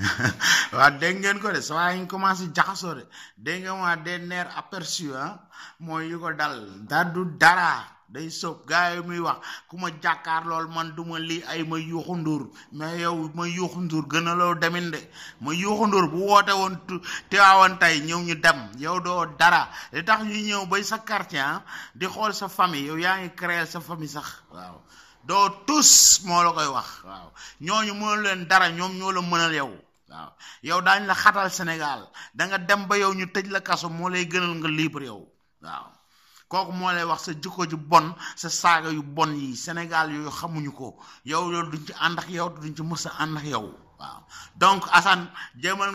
waaw dégg ngeen ko de sa waaye ñu commencé jaxasoo de dégg nga ma dernier aperçu ah mooy yu ko dal daddu dara day soob gars yi muy wax ku ma jàkkaar lool man du ma lii ay ma yuuxu nduur mais yow ma yuuxu nduur gën a loo demin de ma yuuxu nduur bu woote woon teewaawoon tey ñëw ñu dem yow doo dara li tax ñu ñëw ba sa quartier ah, di xool sa famille yow yaa ngi créer sa famille sax waaw doo tus moo la koy wax waaw ñooñu mënul leen dara ñoom ñoo la mën a yow waaw yow daañ la xatal Sénégal da nga dem ba yow ñu tëj la kaso moo lay gënal nga libre yow waaw kooku moo lay wax sa jukko ju bon sa saaga yu bon yi Sénégal yooyu xamuñu ko yow loolu yow duñ ci mës a ànd ak yow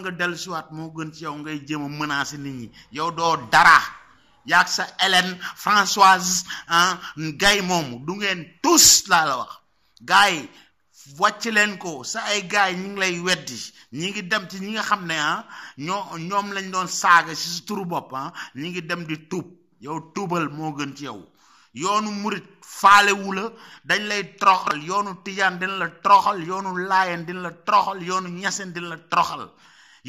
nga dellu moo gën ci yow ngay jéem a menacer nit ñi yow doo dara yaag sa Hélène Françoise Gaye moomu du ngeen tous laa la wax gars wàcc leen ko sa ay gaay ñi ngi lay weddi ñi ngi dem ci ñi nga xam ne ah ñoo ñoom lañ doon saaga ci su turu bopp ah ñi ngi dem di tuub yow tuubal moo gën ci yow yoonu murit faalewu dañ lay troxal yoonu tijaan dina la troxal yoonu laayeen dina la troxal yoonu ñaseen dina la troxal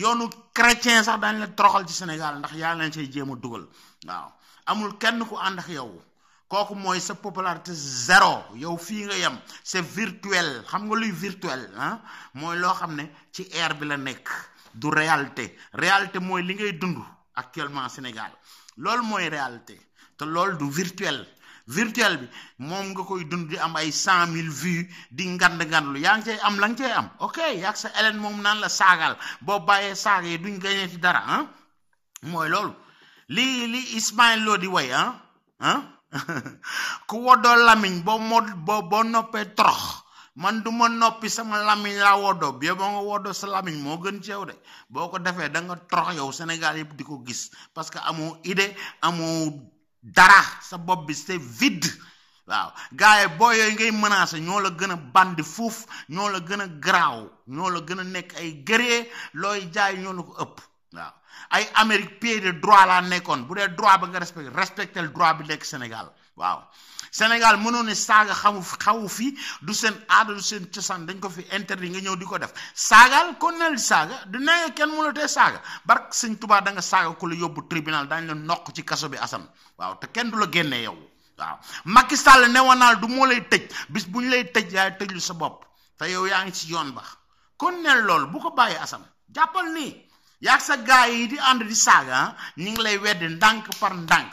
yoonu chrétien sax dañ la troxal ci Sénégal ndax yaa leen say jéem a dugal waaw amul kenn ku ànd ak yow kooku mooy sa popularité zéro yow nga c'est virtuel xam virtuel ah mooy loo ci air la du réalité réalité li ngay dund actuellement Sénégal loolu mooy réalité te du virtuel virtuel bi nga koy dund di am ay cent mille vues di ngand ngandlu yaa ngi am la nga am ok sa Hélène la ci dara ah mooy loolu li li di way ah? Ah? ku wodo lamiñ bo mod bo bo noppé trox man duma noppi sama lamiñ la wodo bi bo nga wodo sa lamiñ mo gën ci yow de boko defé da nga trox yow sénégal yépp diko gis parce que amo idée amo dara sa bob bi c'est vide waaw gaay bo yoy ngay menacer ño la gëna bandi fouf ño la gëna graw ño la gëna nek ay guerrier loy jaay ño la ko ëpp waaw ay Amérique pays de droit laa nekkoon bu dee droit ba nga respecté respectel droit bi nekk Sénégal waaw Sénégal mënoo ne saaga xamu xawu fi du seen aada du seen cosaan dañ ko fi yi nga ñëw di ko def saagaal kon nel saaga du ne kenn mënul tee saaga bark sëñ Tuubaa da nga saaga ku la yóbbu tribunal daañ la nokk ci kaso bi Assane waaw te kenn du la génnee yow waaw Macky Sall newanaal du moo lay tëj bis bu ñu lay tëj yaay tëjlu sa bopp te yow yaa ngi ci yoon ba kon nel loolu bu ko bàyyi Assane jàppal yak sa gaay yi di ànd di saaga ñi ngi lay weddi ndànk par ndànk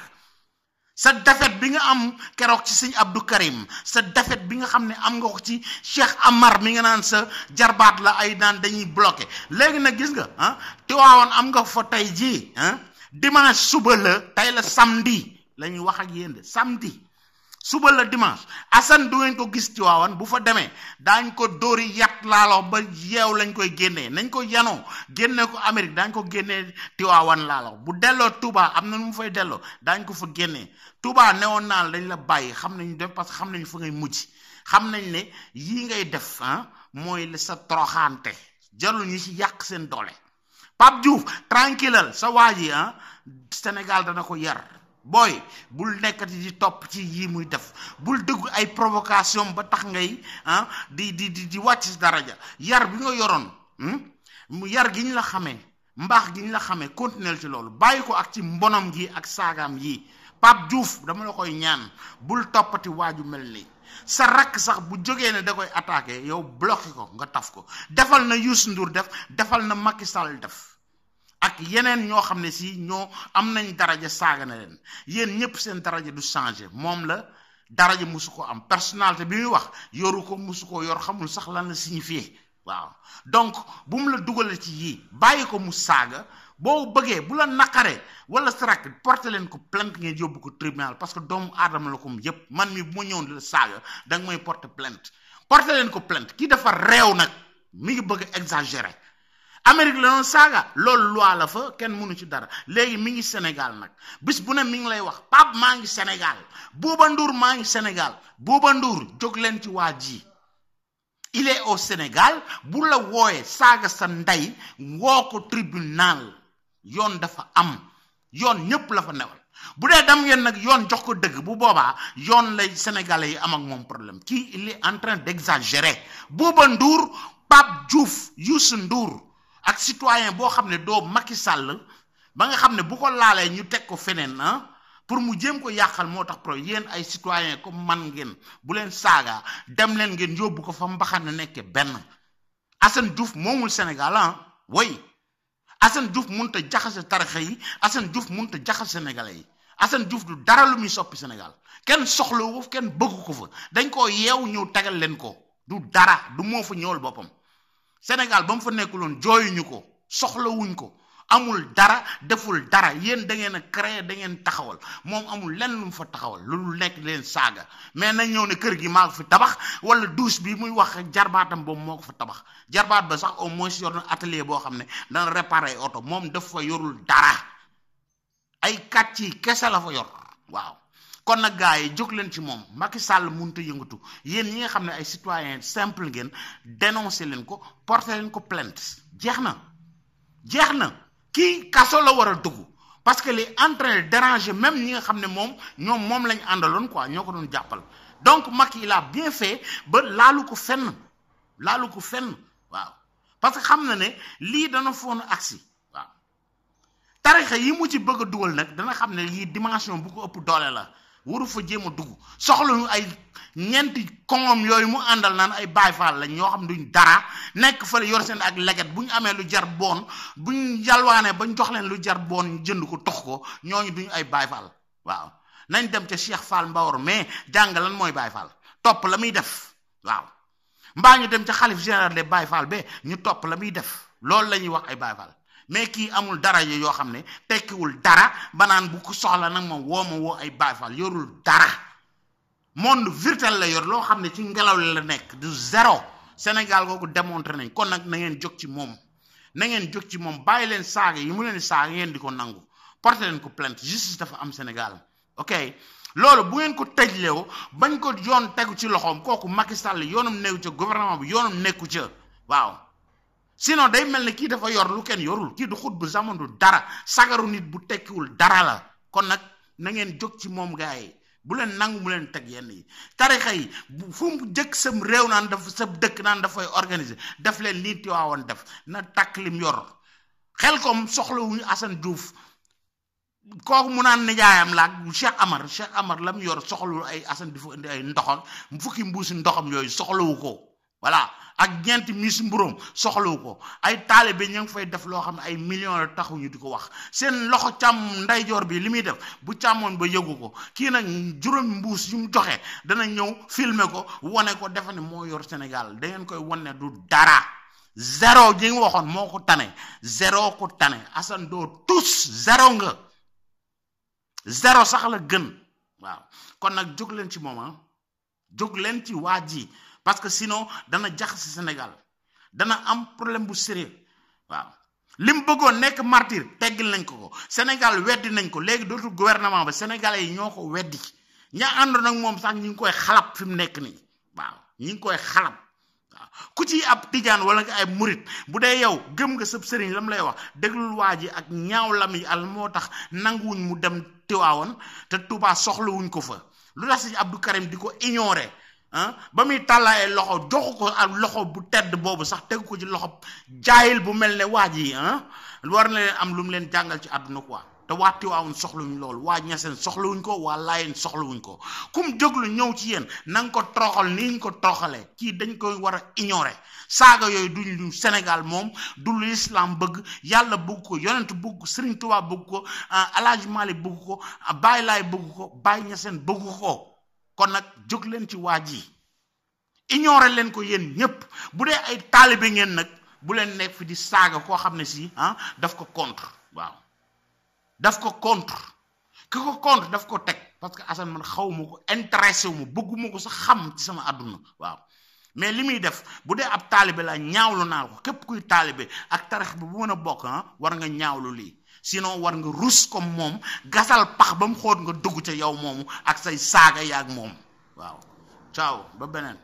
sa dafet bi nga am keroog ci sëñ abdou karim sa dafet bi nga xam ne am nga ko ci cheikh amar mi nga naan sa jarbaat la ay naan dañuy bloqué léegi nag gis nga ah tiwaawan am nga fa tey ji ah dimanche suba la tey la samedi la ñuy wax ak yéen de samedi suba la dimanche Assane du ngeen ko gis Tiwaawan bu fa demee daañ ko dóori yat laalo ba yeew lañ koy génnee nañ ko yanoo génne ko Amérique daañ ko génnee Tiwaawan laalo bu delloo tubaa am na nu mu fay delloo daañ ko fa génnee Touba newoon naa lañ la bàyyi xam nañu def parce que xam nañu fa ngay mujj xam nañ ne yii ngay def ah mooy sa troxante jarul ñu ci yàq seen doole Pape Diouf tranquillal sa waa ji ah, Sénégal dana ko yar booy bul nekkati di topp ci yii muy def bul dëggu ay provocation ba tax ngay ah, di di di di wàcc dara ja yar bi nga yoroon hmm? mu yar gi ñu la xamee mbaax gi ñu la xamee continuer ci loolu bàyyi ko ak ci mbonom gi ak saagaam yi Pape juuf dama la koy ñaan bul toppati waaju mel nii sa rakk sax bu jógee ne da koy attaque yow bloqué ko nga taf ko defal na Youssou Ndour def defal na Macky Sall def ak yeneen ñoo xam ne si ñoo am nañ daraja saaga na leen yéen ñëpp seen daraja du changé moom la daraja musu ko am personnalité bi muy wax yoru ko musu ko yor xamul sax lan la signifié waaw donc bu mu la dugalee ci yii bàyyi ko mu saaga boo bëggee bu la naqaree wala sarak porte leen ko plainte ngeen yóbbu ko tribunal parce que doomu aadama la ko yépp man mi bu ñëw ñëwoon di la saaga da mooy may porté porte leen ko plainte kii dafa réew nag mi ngi bëgg exagéré Amérique la doon saaga loolu loi la fa kenn mënu ci dara léegi mi ngi Sénégal nag bis bu na mi ngi lay wax Pape maa ngi Sénégal Bouba Ndour maa ngi Sénégal Bouba jóg leen ci waa ji il est au Sénégal bu la wooyee saaga sa ndey woo ko tribunal yoon dafa am yoon ñépp la fa newal bu dee dam ngeen nag yoon jox ko dëgg bu boobaa yoon la sénégalais yi am ak moom problème kii il est en train d'exagérer Bouba Ndour Pape Diouf Youssou ak citoyen boo xam ne doo makki sàll ba nga xam ne bu ko laalee ñu teg ko feneen ah pour mu jéem ko yàqal moo tax pro yéen ay citoyen comme man ngeen bu leen saaga dem leen ngeen yóbbu ko fa mbaxane nekke benn Assane Diouf moomul Sénégal a ah, way Assane Diouf mënut a jaxase tarixa yi Assane Diouf mënut a jaxase sénégalais yi Assane Diouf du dara lu muy soppi Sénégal kenn soxla ko kenn bëgg ko fa dañ koo yeew ñëw tegal leen ko du dara du moo fa ñëwal boppam Sénégal ba mu fa loon jooyuñu ko soxlawuñ ko amul dara deful dara yéen da ngeen a créer da ngeen taxawal moom amul lenn lu mu fa taxawal lu nekk leen saaga mais na ñëw ne kër gi maa ko fi tabax wala douche bi muy wax jarbaatam boobu moo ko fa tabax jarbaat ba sax au moins yor na atelier boo xam ne dana réparer oto moom daf fa yorul dara ay kàcc yi kese la fa yor waaw kon nag gars yi jóg leen ci moom Macky Sall mënut a yëngatu yéen ñi nga xam ne ay citoyen simple ngeen dénoncé leen ko porté leen ko plainte jeex na jeex na kii kaso la war a dugg parce que les en train de déranger même ñi nga xam ne moom ñoom moom lañ àndaloon quoi ñoo ko doon jàppal donc Macky il a bien fait ba laalu ko fenn laalu ko fenn waaw parce que xam na ne lii dana foon agsi waaw tarixa yi mu ci bëgg a dugal nag dana xam ne yii dimension bu ko ëpp doole la waru fa jéem a dugg soxla ñu ay ñeenti koŋom yooyu mu àndal naan ay baay faal lañ ñoo xam duñ dara nekk fële yor seen ak leget bu ñu amee lu jar boon bu ñu yalwaanee ba ñu jox leen lu jar boon ñu jënd ko tox ko ñooñu duñ ay baay faal waaw nañ dem ca Cheikh Fall Mbawor mais jàng lan mooy baay faal topp la muy def waaw mbaa ñu dem ca xalif général de baay faal ba ñu topp la muy def loolu la ñuy wax ay baay faal mais kii amul dara yi yoo xam ne tekkiwul dara banaan bu ko soxla nag ma woo ma woo ay Baay Faal yorul dara monde virtuel la yor loo xam ne ci ngelaw la nekk du zéro Sénégal googu démontré nañ kon nag na ngeen jóg ci moom na ngeen jóg ci moom bàyyi leen saaga yi mu leen saaga ngeen di ko nangu porté leen ko plainte justice dafa am Sénégal ok loolu bu ngeen ko tëjleew bañ ko yoon tegu ci loxoom kooku Macky Sall yoonam néew ca gouvernement bi yoonam nekku ca waaw sinon day mel ni kii dafa yor lu kenn yorul kii du xut bu jamono dara sagaru nit bu tekkiwul dara la kon nag na ngeen jóg ci moom gaa yi bu leen nangu mu leen teg yenn yi tarixa yi bu fu jëkk sam réew naan daf sa dëkk naan dafay organiser daf leen lii tiwaawoon def na takk lim yor xel kom soxlawuñu Assane juuf kooku mu naan nijaayam laa ak Cheikh Amar Cheikh Amar la mu yor soxlawul ay Assane di fa indi ay ndoxam fukki mbuusi ndoxam yooyu soxlawu ko voilà ak ñeenti miis mburóom soxlawu ko ay taalibe ña ngi fay def loo xam ne ay million la taxuñu di ko wax seen loxo càmm ndeyjoor bi li muy def bu càmmoon ba yëgu ko kii nag juróomi mbuus yu mu joxe dana ñëw filmer ko wone ko defe ne moo yor Sénégal da koy wone du dara zéro ji nga waxoon moo ko tane zéro ko tane Assane doo tous zéro nga zéro sax la gën waaw kon nag jóg leen ci moom ah jóg leen ci waa ji parce que sinon dana jaxé sénégal dana am problème bu sérieux waaw lim bëggoon nekk martyr teggil nañ ko ko sénégal weddi nañ ko léegi dootu gouvernement ba sénégal yi ñoo ko weddi ña ànd nag moom sax ñi ngi koy xalab fi mu nekk nii waaw ñi ngi koy xalab waaw ku ci ab tidiaan wala nga ay murit bu dee yow gëm nga sëb sëriñ lam lay wax déglul waa ji ak ñaaw lam yi al moo tax nanguwuñ mu dem tiwaawoon te tuubaa soxlawuñ ko fa lu tax si abdou karim di ko ignoré han ba muy tàllaaye loxo joxu ko ak loxo bu tedd boobu sax tegu ko ci loxo jaayil bu mel ne waaj yi han war na leen am lu mu leen jàngal ci àdduna quoi te waa tiwaawun soxluwuñ loolu waa ñeseen soxluwuñ ko waa laayeen soxluwuñ ko kum jóglu ñëw ci yéen na nga ko toroxal ni ñu ko toroxalee kii dañ koy war a ignore saaga yooyu duñ lu sénégal moom du lu islam bëgg yàlla bugg ko yonent bugg ko sëriñ tuwaa bugg ko alaaj mali bugg ko bàyyi laay bugg ko bàyyi ñeseen bëgg ko ah, kon nag jóg leen ci waa ji ignoré leen ko yéen ñépp bu dee ay taalibe ngeen nag bu leen nekk fi di saaga koo xam ne si ah daf ko contre waaw daf ko contre ki ko contre daf ko teg parce que Assane man xaw ma ko intéressé wu ma bëgguma ko sax xam sama àdduna waaw mais li muy def bu dee ab taalibe la ñaawlu naa ko képp kuy taalibe ak tarix bi bu mën a bokk ah war nga ñaawlu lii sinon war nga ruus comme moom gasal pax ba mu xóot nga dugg ca yow moomu ak say saaga yaag moom waaw ciao ba beneen